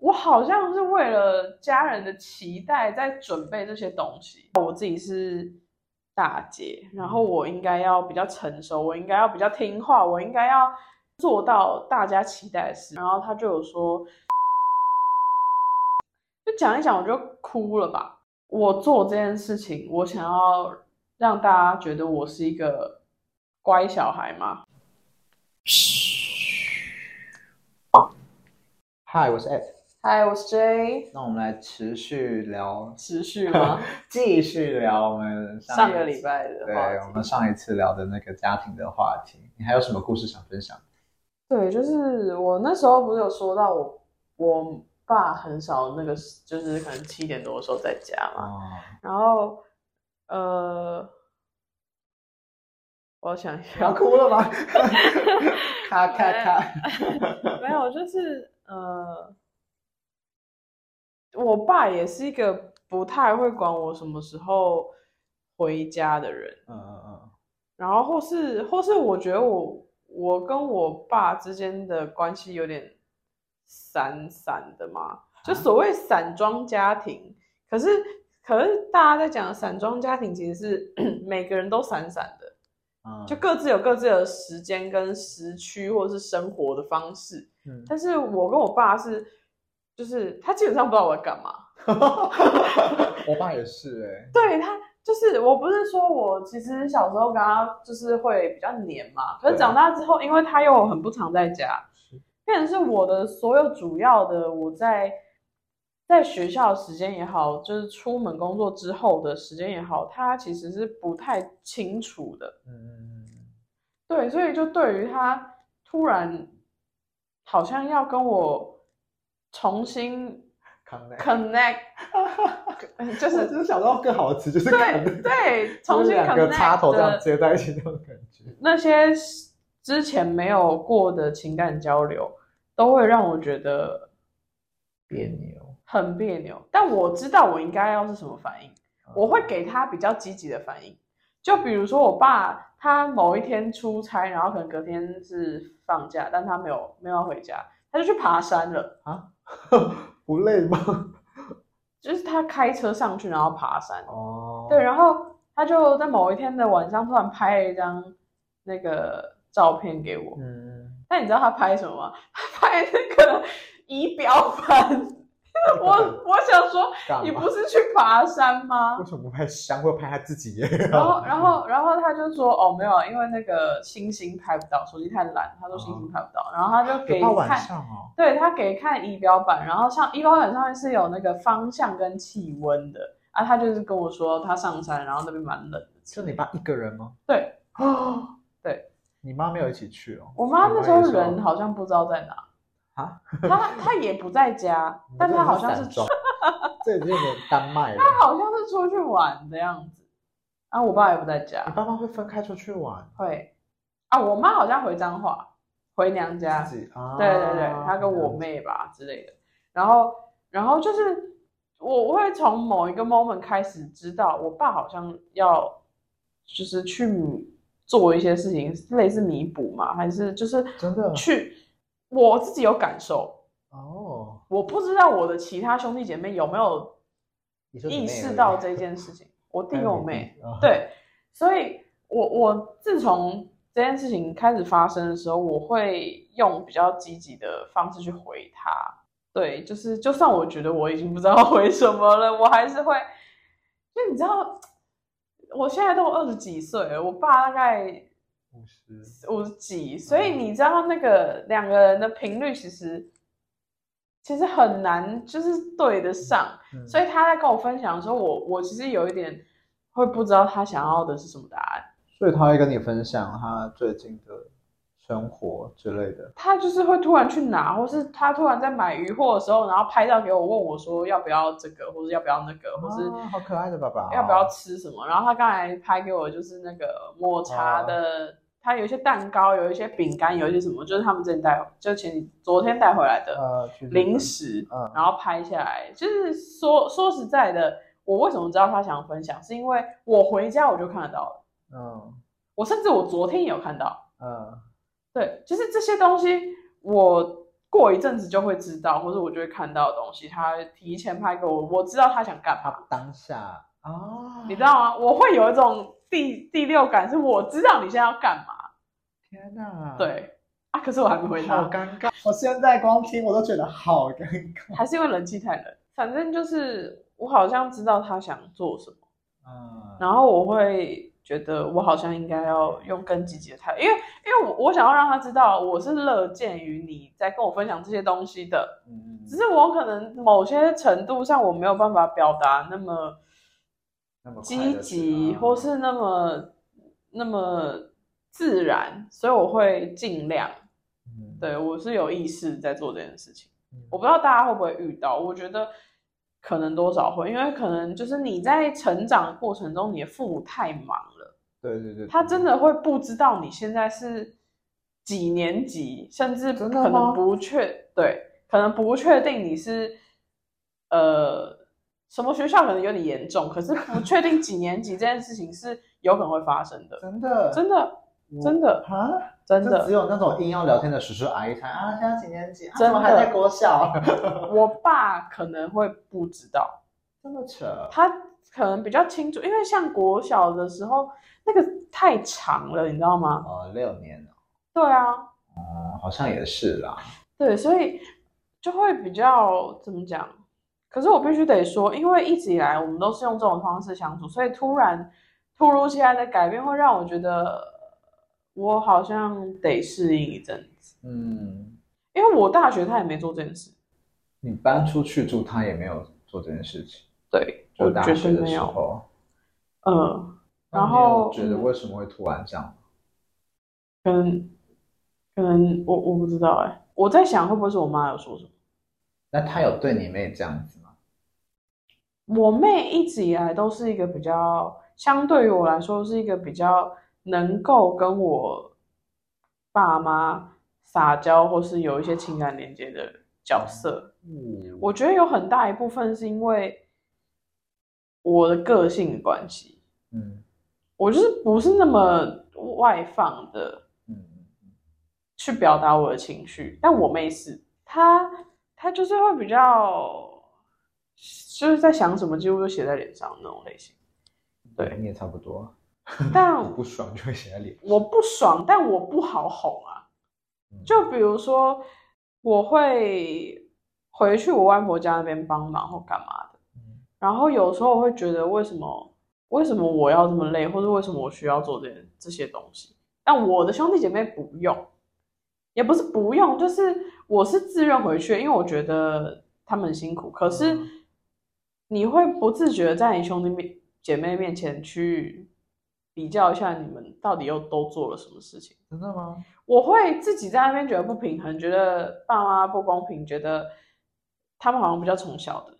我好像是為了家人的期待在準備這些東西。我自己是大姐，然後我應該要比較成熟，我應該要比較聽話，我應該要做到大家期待的事。然後他就有說，就講一講，我就哭了吧。我做這件事情，我想要讓大家覺得我是一個乖小孩嗎？噓，Hi，我是艾。Hi，我是 Jay。那我們來持續聊，持續嗎？ 繼續聊我們上，一上一個禮拜的話，對，我們上一次聊的那個家庭的話題，你還有什麼故事想分享？對，就是我那時候不是有說到我，我爸很少那個，就是可能七點多的時候在家嘛。哦。然後，呃，我想，想，要哭了嗎？咔咔咔！沒有，就是呃。我爸也是一個不太會管我什麼時候回家的人，嗯嗯、然後或是或是，我覺得我我跟我爸之間的關係有點散散的嘛，就所謂散裝家庭。可是、啊、可是，可是大家在講散裝家庭，其實是 每個人都散散的，嗯、就各自有各自的時間跟時區，或者是生活的方式。嗯、但是我跟我爸是。就是他基本上不知道我在幹嘛， 我爸也是哎、欸， 對他就是我，不是說我其實小時候跟他就是會比較黏嘛，可是對長大之後，因為他又很不常在家，是變成是我的所有主要的我在在學校的時間也好，就是出門工作之後的時間也好，他其實是不太清楚的，嗯，對，所以就對於他突然好像要跟我，嗯。重新 connect，就是就是 想到更好的詞，就是對對，重新 connect 兩個插頭這樣接在一起那種感覺。 那些之前沒有過的情感交流，都會讓我覺得彆扭，很彆扭。但我知道我應該要是什麼反應，我會給他比較積極的反應。就比如說，我爸他某一天出差，然後可能隔天是放假，但他沒有沒有要回家，他就去爬山了啊。 不累嗎？就是他開車上去，然後爬山。哦，oh. 對，然後他就在某一天的晚上，突然拍了一張那個照片給我。嗯，mm. 但你知道他拍什麼嗎？他拍那個儀表盤。 我我想說，嘛你不是去爬山嗎？為什麼不拍山，會拍他自己？然後，然後，然後他就說，哦，沒有，因為那個星星拍不到，手機太爛，他說星星拍不到。嗯、然後他就給看、哦、對，他給看儀表板，然後像儀表板上面是有那個方向跟氣溫的啊。他就是跟我說，他上山，然後那邊蠻冷的。就你爸一個人嗎？對哦。對， 對，你媽沒有一起去哦。我媽那時候人好像不知道在哪。 他他也不在家， 但他好像是，這有 他好像是出去玩的樣子。啊，我爸也不在家。你爸媽會分開出去玩？會。啊，我媽好像回彰化，回娘家。啊、對對對，她、啊、跟我妹吧、嗯、之類的。然後然後就是，我會從某一個 moment 開始知道，我爸好像要就是去做一些事情，類似彌補嘛，還是就是真的去。我自己有感受哦，oh. 我不知道我的其他兄弟姐妹有沒有意識到這件事情。Oh. 我弟我妹，對，所以我我自從這件事情開始發生的時候，我會用比較積極的方式去回他。對，就是就算我覺得我已經不知道回什麼了，我還是會，因為你知道，我現在都二十幾歲了，我爸大概。五十，五十幾，所以你知道那個兩個人的頻率其實，嗯、其實很難就是對得上。嗯、所以他在跟我分享的時候，我我其實有一點會不知道他想要的是什麼答案。所以他會跟你分享他最近的。生活之類的，他就是會突然去拿，或是他突然在買魚貨的時候，然後拍照給我，問我說要不要這個，或是要不要那個，啊、或是要要好可愛的爸爸，要不要吃什麼？然後他剛才拍給我的就是那個抹茶的，啊、他有一些蛋糕，有一些餅乾，有一些什麼，就是他們今天帶就前昨天帶回來的零食，呃嗯、然後拍下來。就是說說實在的，我為什麼知道他想要分享，是因為我回家我就看得到了。嗯，我甚至我昨天也有看到。嗯。對，就是這些東西，我過一陣子就會知道，或者我就會看到的東西，他提前拍給我，我知道他想幹嘛。啊、當下、哦、你知道嗎？我會有一種第第六感，是我知道你現在要幹嘛。天哪！對啊，可是我還沒回答，好好尷尬。我現在光聽我都覺得好尷尬，還是因為冷氣太冷。反正就是我好像知道他想做什麼，嗯、然後我會。覺得我好像應該要用更積極的態度，因為因為我，我想要讓他知道我是樂見於你在跟我分享這些東西的，只是我可能某些程度上我沒有辦法表達那麼積極麼是或是那麼那麼自然，所以我會盡量，對我是有意識在做這件事情，嗯，我不知道大家會不會遇到，我覺得可能多少會，因為可能就是你在成長的過程中你的父母太忙了。對對對，他真的會不知道你現在是幾年級，甚至可能不確，對，可能不確定你是呃什麼學校，可能有點嚴重。可是不確定幾年級這件事情是有可能會發生的， 真的我真的、啊、真的啊，真的只有那種硬要聊天的叔叔阿姨才啊，現在幾年級？真的還在國小。的 我爸可能會不知道，真的扯。他可能比較清楚，因為像國小的時候。那個太長了，你知道嗎？哦，六年了。對啊、嗯。好像也是啦。對，所以就會比較怎麼講？可是我必須得說，因為一直以來我們都是用這種方式相處，所以突然突如其來的改變會讓我覺得我好像得適應一陣子。嗯，因為我大學他也沒做這件事。你搬出去住，他也沒有做這件事情。對，我大學的時候，嗯。呃然後覺得為什麼會突然這樣然、嗯？可能，可能我我不知道哎，我在想會不會是我媽有說什麼？那她有對你妹這樣子嗎、嗯？我妹一直以來都是一個比較，相對於我來說是一個比較能夠跟我爸媽撒嬌，或是有一些情感連接的角色。嗯，嗯，我覺得有很大一部分是因為我的個性的關係。嗯。我就是不是那麼外放的，嗯，去表達我的情緒。嗯、但我妹是，她她就是會比較，就是在想什麼幾乎都寫在臉上那種類型。對，嗯、你也差不多。但我 不爽就會寫在臉。我不爽，但我不好哄啊。就比如說，我會回去我外婆家那邊幫忙或幹嘛的，嗯、然後有時候我會覺得為什麼。為什麼我要這麼累，或者為什麼我需要做這些這些東西？但我的兄弟姐妹不用，也不是不用，就是我是自願回去，因為我覺得他們很辛苦。可是你會不自覺的在你兄弟面姐妹面前去比較一下，你們到底又都做了什麼事情？真的嗎？我會自己在那邊覺得不平衡，覺得爸媽不公平，覺得他們好像比較從小的。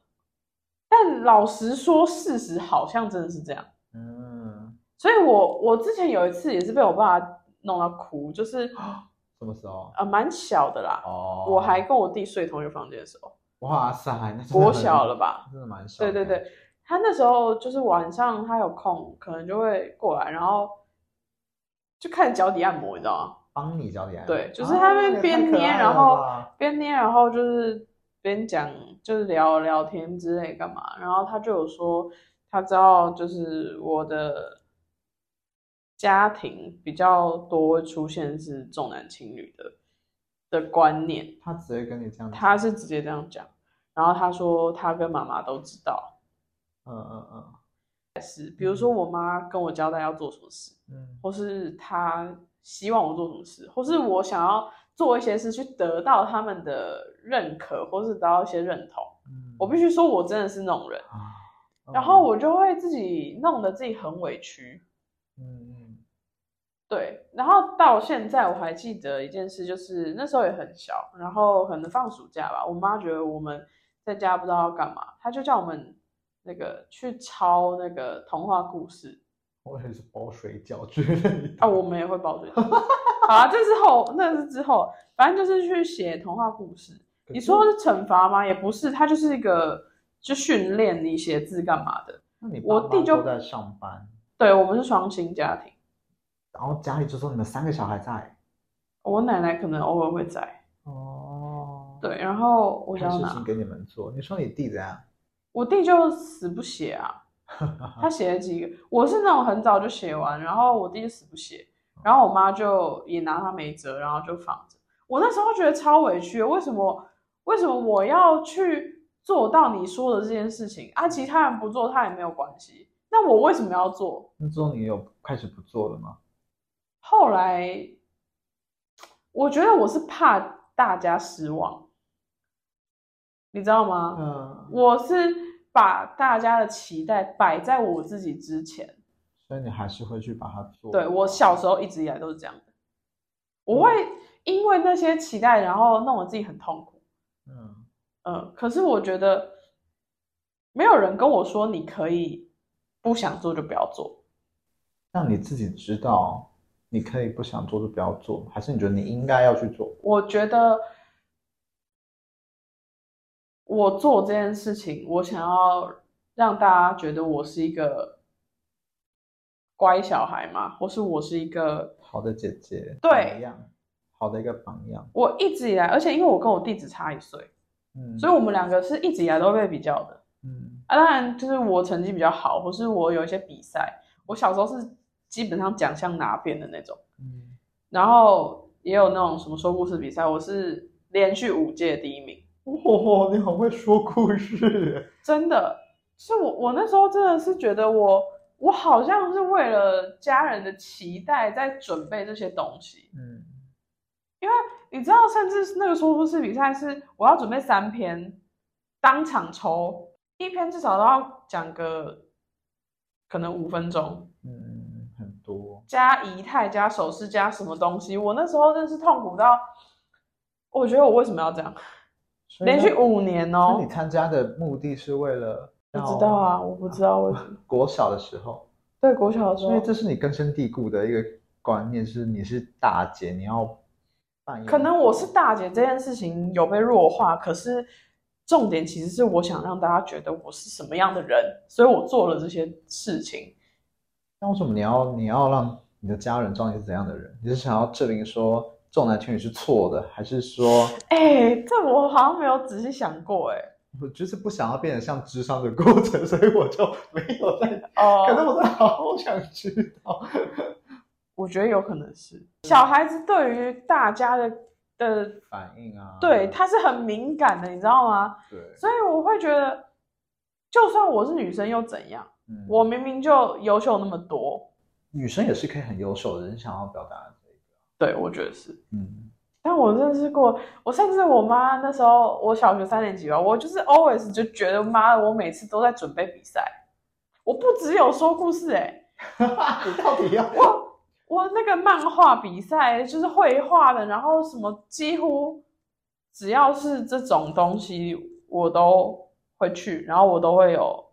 但老實說，事實好像真的是這樣。嗯，所以我，我我之前有一次也是被我爸弄到哭，就是什麼時候啊、呃？蠻小的啦。哦，我還跟我弟睡同一個房間的時候。哇塞，那國小了吧？真的蠻小。對對對，他那時候就是晚上他有空，可能就會過來，然後就看腳底按摩，你知道嗎？幫你腳底按摩。對，啊、就是他們邊捏，然後邊捏，然後就是。邊講，就是聊聊天之類幹嘛，然後他就有說他知道，就是我的家庭比較多會出現是重男輕女的的觀念，他直接跟你這樣，他是直接這樣講，然後他說他跟媽媽都知道，嗯嗯嗯，是、嗯嗯、比如說我媽跟我交代要做什麼事，嗯，或是他希望我做什麼事，或是我想要。做一些事去得到他們的認可，或是得到一些認同。嗯、我必須說，我真的是那種人，啊、然後我就會自己弄得自己很委屈。嗯嗯，對。然後到現在我還記得一件事，就是那時候也很小，然後可能放暑假吧，我媽覺得我們在家不知道要幹嘛，她就叫我們那個去抄那個童話故事。我也是包水餃之類的。啊、哦，我們也會包水餃。 啊，這之後，那是、個、之後，反正就是去寫童話故事。是你說是懲罰嗎？也不是，他就是一個就訓練你寫字幹嘛的。那你爸媽都就在上班？對，我們是雙薪家庭。然後家裡就說你們三個小孩在，我奶奶可能偶爾會在。哦，對，然後我想。他事情給你們做。你說你弟怎樣、啊？我弟就死不寫啊。他寫了幾個？我是那種很早就寫完，然後我弟就死不寫。然後我媽就也拿他沒轍，然後就放着。我那時候覺得超委屈，為什麼？為什麼我要去做到你說的這件事情啊？其他人不做，他也沒有關係。那我為什麼要做？那之後你有開始不做了嗎？後來，我覺得我是怕大家失望，你知道嗎？嗯。我是把大家的期待擺在我自己之前。所以你還是會去把它做？對，我小時候一直以來都是這樣的，我會因為那些期待，然後讓我自己很痛苦。嗯嗯。可是我覺得，沒有人跟我說你可以不想做就不要做，讓你自己知道你可以不想做就不要做，還是你覺得你應該要去做？我覺得我做這件事情，我想要讓大家覺得我是一個。乖小孩嘛，或是我是一個好的姐姐，對，好的樣，好的一個榜樣。我一直以來，而且因為我跟我弟只差一歲，嗯，所以我們兩個是一直以來都會被比較的，嗯啊，當然就是我成績比較好，或是我有一些比賽，我小時候是基本上獎項拿遍的那種，嗯，然後也有那種什麼說故事比賽，我是連續五屆第一名。哇、哦，你好會說故事，真的是我，我那時候真的是覺得我。我好像是為了家人的期待在準備這些東西，嗯，因為你知道，甚至那個說故事比賽是我要準備三篇，當場抽一篇，至少都要講個，可能五分鐘，嗯，很多加儀態加手勢加什麼東西，我那時候真是痛苦到，我覺得我為什麼要這樣，連續五年哦，你參加的目的是為了？不知道啊，我不知道。為什麼、啊。國小的時候，對，國小的時候、嗯，所以這是你根深蒂固的一個觀念，是你是大姐，你要。可能我是大姐這件事情有被弱化，可是重點其實是我想讓大家覺得我是什麼樣的人，所以我做了這些事情。那、嗯嗯、為什麼你要你要讓你的家人知道你是怎樣的人？你是想要證明說重男輕女是錯的，還是說？哎、欸，這、嗯、我好像沒有仔細想過、欸，哎。我就是不想要變成像智商的過程，所以我就沒有在。哦，可是我真的好想知道。Uh, 我覺得有可能是對小孩子對於大家的的反應啊，對，他是很敏感的，對你知道嗎？對，所以我會覺得，就算我是女生又怎樣？嗯，我明明就優秀那麼多。女生也是可以很優秀的人，人想要表達這個？對，我覺得是，嗯。但我認識過，我甚至我媽那時候，我小學三年級吧，我就是 always 就覺得媽的，我每次都在準備比賽，我不只有說故事哎、欸， 你到底要？我，我那個漫畫比賽就是繪畫的，然後什麼幾乎只要是這種東西我都會去，然後我都會有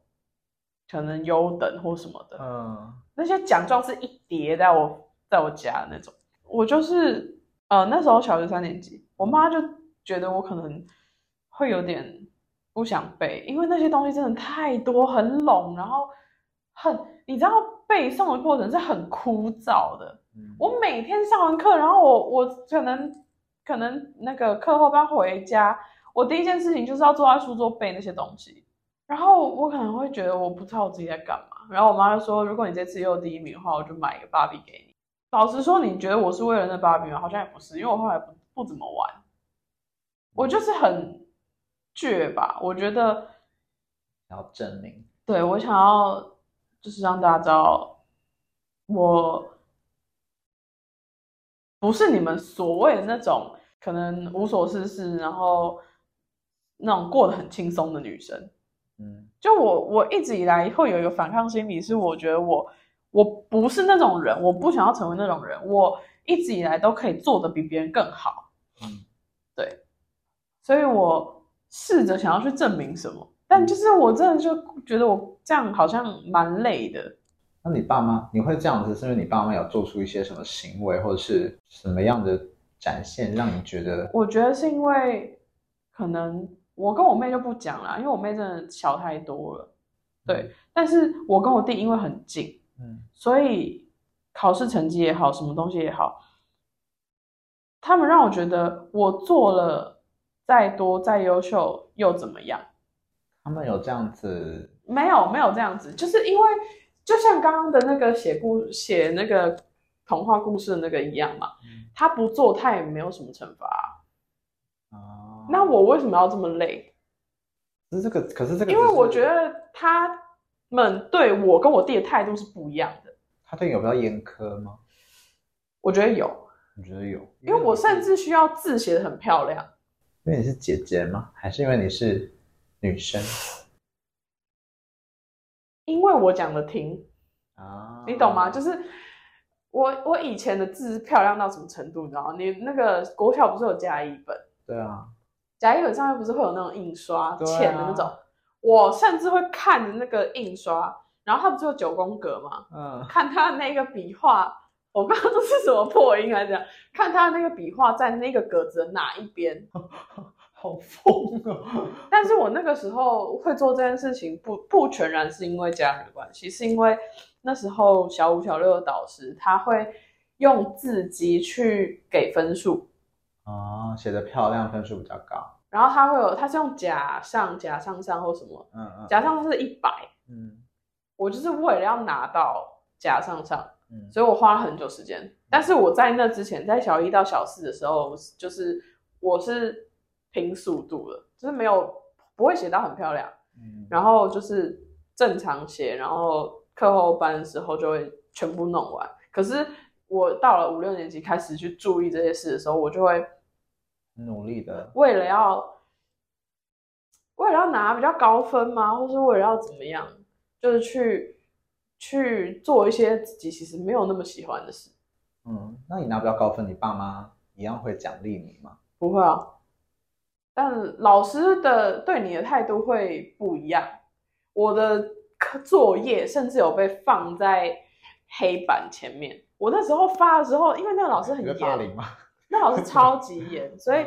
可能優等或什麼的，嗯，那些獎狀是一疊在我在我家的那種，我就是。呃，那時候小學三年級，我媽就覺得我可能會有點不想背，因為那些東西真的太多，很籠，然後很，你知道背誦的過程是很枯燥的。嗯。我每天上完課，然後我我可能可能那個課後班回家，我第一件事情就是要坐在書桌背那些東西。然後我可能會覺得我不知道我自己在幹嘛。然後我媽就說：“如果你這次又第一名的話，我就買一個芭比給你。”老實說，你覺得我是為了那芭比嗎？好像也不是，因為我後來不不怎麼玩，我就是很倔吧。我覺得要證明，對，我想要就是讓大家知道，我不是你們所謂的那種可能無所事事，然後那種過得很輕鬆的女生。嗯，就我我一直以來會有一個反抗心理，是我覺得我。我不是那種人，我不想要成為那種人。我一直以來都可以做得比別人更好，嗯，對。所以我試着想要去證明什麼，但就是我真的就覺得我這樣好像蠻累的。嗯、那你爸媽，你會這樣子，是因為你爸媽有做出一些什麼行為，或者是什麼樣的展現，讓你覺得？我覺得是因為可能我跟我妹就不講啦，因為我妹真的小太多了。對，嗯、但是我跟我弟因為很近。所以考試成績也好，什麼東西也好，他們讓我覺得我做了再多再優秀又怎麼樣？他們有這樣子？沒有，沒有這樣子，就是因為就像剛剛的那個寫故寫那個童話故事的那個一樣嘛，嗯、他不做他也沒有什麼懲罰、啊嗯、那我為什麼要這麼累？是可是這個，可是這個是因為我覺得他。們對我跟我弟的態度是不一樣的。他對你有比較嚴苛嗎？我覺得有。我覺得有。因為我甚至需要字寫得很漂亮。因為你是姐姐嗎？還是因為你是女生？因為我講的聽啊，你懂嗎？啊、就是我我以前的字漂亮到什麼程度？你知道嗎？你那個國小不是有甲乙本？對啊。甲乙本上面不是會有那種印刷淺的那種？我甚至會看着那個印刷，然後他不是有九宮格嘛，嗯，看他的那個筆畫，我不知道都是什麼破音還是這樣，看他的那個筆畫在那個格子的哪一邊，呵呵好瘋啊！但是我那個時候會做這件事情不，不不全然是因為家人的關係，是因為那時候小五小六的導師他會用字跡去給分數啊、哦，寫得漂亮分數比較高。然後他會有，他是用甲上、甲上上或什麼，啊啊、甲上是一百，嗯，我就是為了要拿到甲上上，嗯，所以我花了很久時間。嗯、但是我在那之前，在小一到小四的時候，就是我是拼速度了，就是沒有不會寫到很漂亮，嗯，然後就是正常寫，然後課後班的時候就會全部弄完。可是我到了五六年級開始去注意這些事的時候，我就會。努力的，為了要，為了要拿比較高分嗎？或是為了要怎麼樣？就是去去做一些自己其實沒有那麼喜歡的事。嗯，那你拿不到高分，你爸媽一樣會獎勵你嗎？不會啊。哦，但老師的對你的態度會不一樣。我的作業甚至有被放在黑板前面。我那時候發的時候，因為那個老師很嚴。哎那老師超級嚴，所以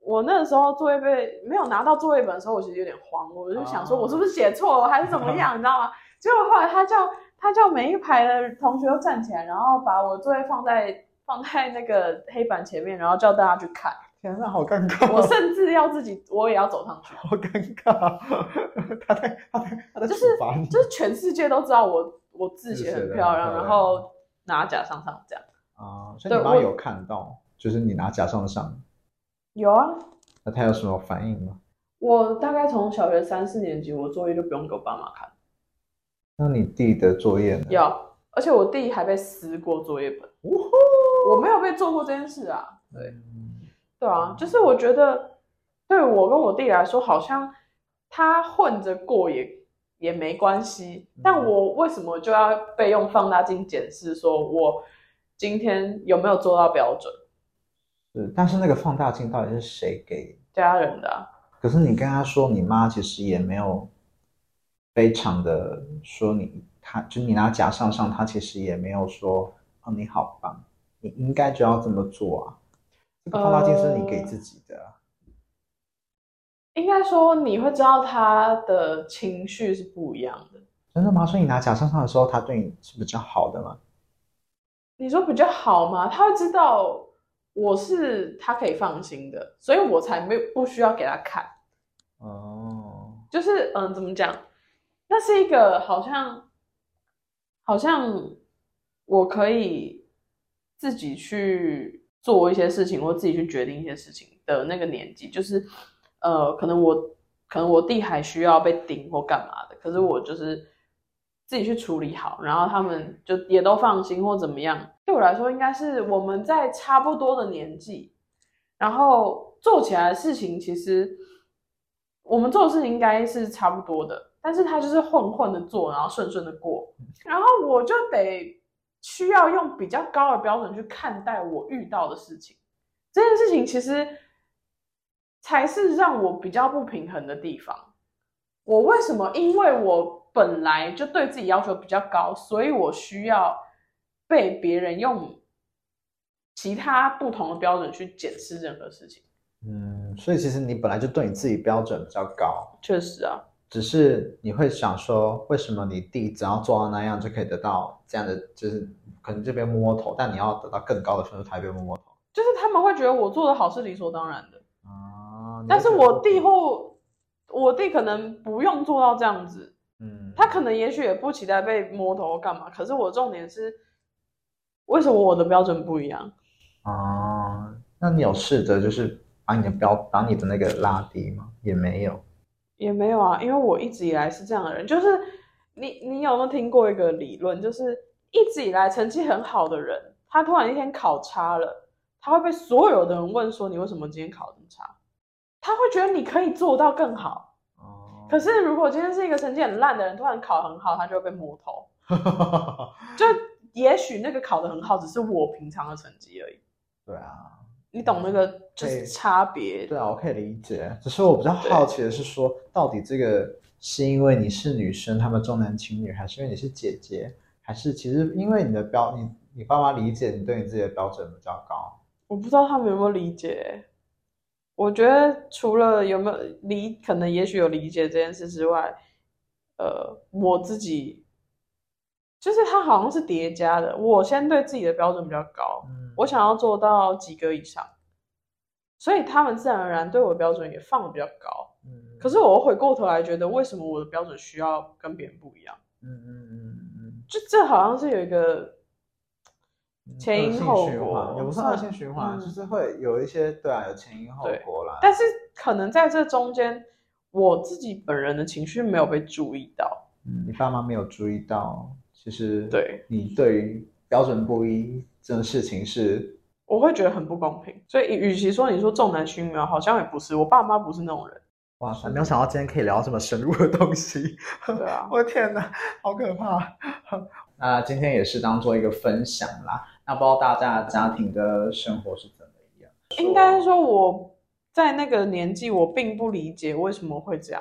我那時候作業被沒有拿到作業本的時候，我其實有點慌，我就想說我是不是寫錯了，我還是怎麼樣，你知道嗎？結果後來他叫他叫每一排的同學都站起來，然後把我作業放在放在那個黑板前面，然後叫大家去看。天哪，好尷尬！我甚至要自己，我也要走上去。好尷尬！ 他太他太就是就是全世界都知道我我字寫很漂亮，然後拿甲上上這樣。啊、嗯！所以你媽有看到。就是你拿假上的上，有啊。那他有什麼反應嗎？我大概從小學三四年級，我作業就不用給我爸媽看了。那你弟的作業呢？有，而且我弟還被撕過作業本。嗚呼！我沒有被做過這件事啊。對，對啊，嗯、就是我覺得，對我跟我弟來說，好像他混着過也也沒關係。但我為什麼就要被用放大鏡檢視，說我今天有沒有做到標準？但是那個放大鏡到底是誰給家人的、啊？可是你跟他說，你媽其實也沒有非常的說你，他就你拿甲上上，她其實也沒有說啊、哦，你好棒，你應該就要這麼做啊。呃、這個放大鏡是你給自己的，應該說你會知道他的情緒是不一樣的。真的嗎？說你拿甲上上的時候，他對你是比較好的嗎？你說比較好嗎？他會知道。我是他可以放心的，所以我才沒有不需要給他看。哦，oh. 就是嗯、呃，怎麼講？那是一個好像，好像我可以自己去做一些事情，或自己去決定一些事情的那個年紀。就是，呃，可能我可能我弟還需要被盯或幹嘛的，可是我就是自己去處理好，然後他們就也都放心或怎麼樣。對我來說，應該是我們在差不多的年紀，然後做起來的事情，其實我們做的事情應該是差不多的，但是他就是混混的做，然後順順的過，然後我就得需要用比較高的標準去看待我遇到的事情，這件事情其實才是讓我比較不平衡的地方。我為什麼？因為我本來就對自己要求比較高，所以我需要。被別人用其他不同的標準去檢視任何事情，嗯，所以其實你本來就對你自己標準比較高，確實啊，只是你會想說，為什麼你弟只要做到那樣就可以得到這樣的，就是可能這邊摸摸頭，但你要得到更高的成就，才被摸摸頭，就是他們會覺得我做的好是理所當然的啊，但是我弟後，我弟可能不用做到這樣子，嗯，他可能也許也不期待被摸頭幹嘛，可是我重點是。為什麼我的標準不一樣？哦、嗯，那你有試着就是把你的標把你的那個拉低嗎？也沒有，也沒有啊，因為我一直以來是這樣的人，就是你你有沒有聽過一個理論，就是一直以來成績很好的人，他突然一天考差了，他會被所有的人問說你為什麼今天考這麼差？他會覺得你可以做到更好哦。嗯、可是如果今天是一個成績很爛的人，突然考很好，他就會被摸頭， 就。也許那個考得很好，只是我平常的成績而已。對啊，你懂那個就是差別，嗯。對啊，我可以理解。只是我比較好奇的是說，說對到底這個是因為你是女生，他們重男輕女，還是因為你是姐姐，還是其實因為你的標，你你爸媽理解你對你自己的標準比較高？我不知道他們有沒有理解。我覺得除了有沒有理，可能也許有理解這件事之外，呃，我自己。就是他好像是疊加的。我先對自己的標準比較高，嗯、我想要做到及格以上，所以他們自然而然對我的標準也放得比較高。嗯、可是我回過頭來覺得，為什麼我的標準需要跟別人不一樣？嗯嗯嗯嗯，嗯嗯就這好像是有一個前因後果，也不算惡性循環，就是會有一些對啊，有前因後果啦。但是可能在這中間，我自己本人的情緒沒有被注意到。嗯，嗯，你爸媽沒有注意到。其實，對，你對於標準不一這種事情是，我會覺得很不公平。所以，與其說你說重男輕女好像也不是。我爸媽不是那種人。哇塞，沒有想到今天可以聊到這麼深入的東西。對啊，我的天哪，好可怕。 那今天也是當做一個分享啦。那不知道大家家庭的生活是怎麼樣？應該說我在那個年紀，我並不理解為什麼會這樣。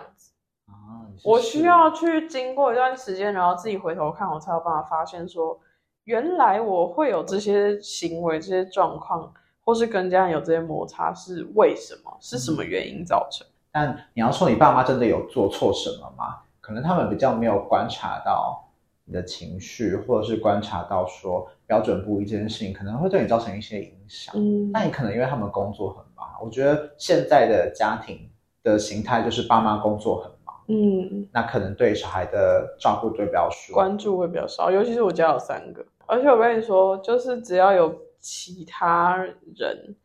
我需要去經過一段時間，然後自己回頭看，我才有辦法發現說，原來我會有這些行為、這些狀況，或是跟家人有這些摩擦，是為什麼？是什麼原因造成？嗯，但你要說你爸媽真的有做錯什麼嗎？可能他們比較沒有觀察到你的情緒，或者是觀察到說標準不一這件事情，可能會對你造成一些影響。嗯，那你可能因為他們工作很忙，我覺得現在的家庭的形態就是爸媽工作很。嗯，那可能對小孩的照顧就比較疏，關注會比較少，尤其是我家有三個。而且我跟你說，就是只要有其他人，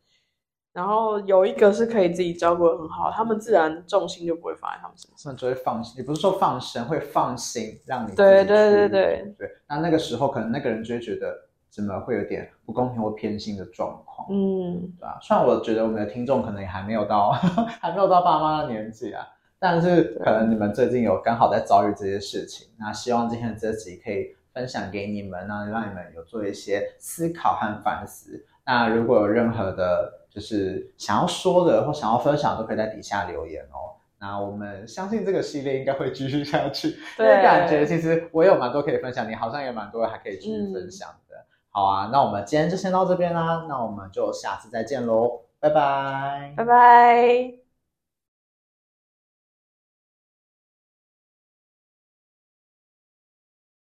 然後有一個是可以自己照顧得很好，他們自然重心就不會放在他們身上，他們就會放心，也不是說放心，會放心讓你自己去。對對對對對。那那個時候，可能那個人就會覺得，怎麼會有點不公平或偏心的狀況？嗯，對雖然我覺得我們的聽眾可能也還沒有到， 還沒有到爸媽的年紀啊。但是可能你們最近有剛好在遭遇這些事情，對那希望今天的這集可以分享給你們呢，讓你們有做一些思考和反思。嗯、那如果有任何的，就是想要說的或想要分享，都可以在底下留言哦。那我們相信這個系列應該會繼續下去，因為對感覺其實我有蠻多可以分享，你好像也蠻多還可以繼續分享的。嗯、好啊，那我們今天就先到這邊啦，那我們就下次再見嘍，拜拜，拜拜。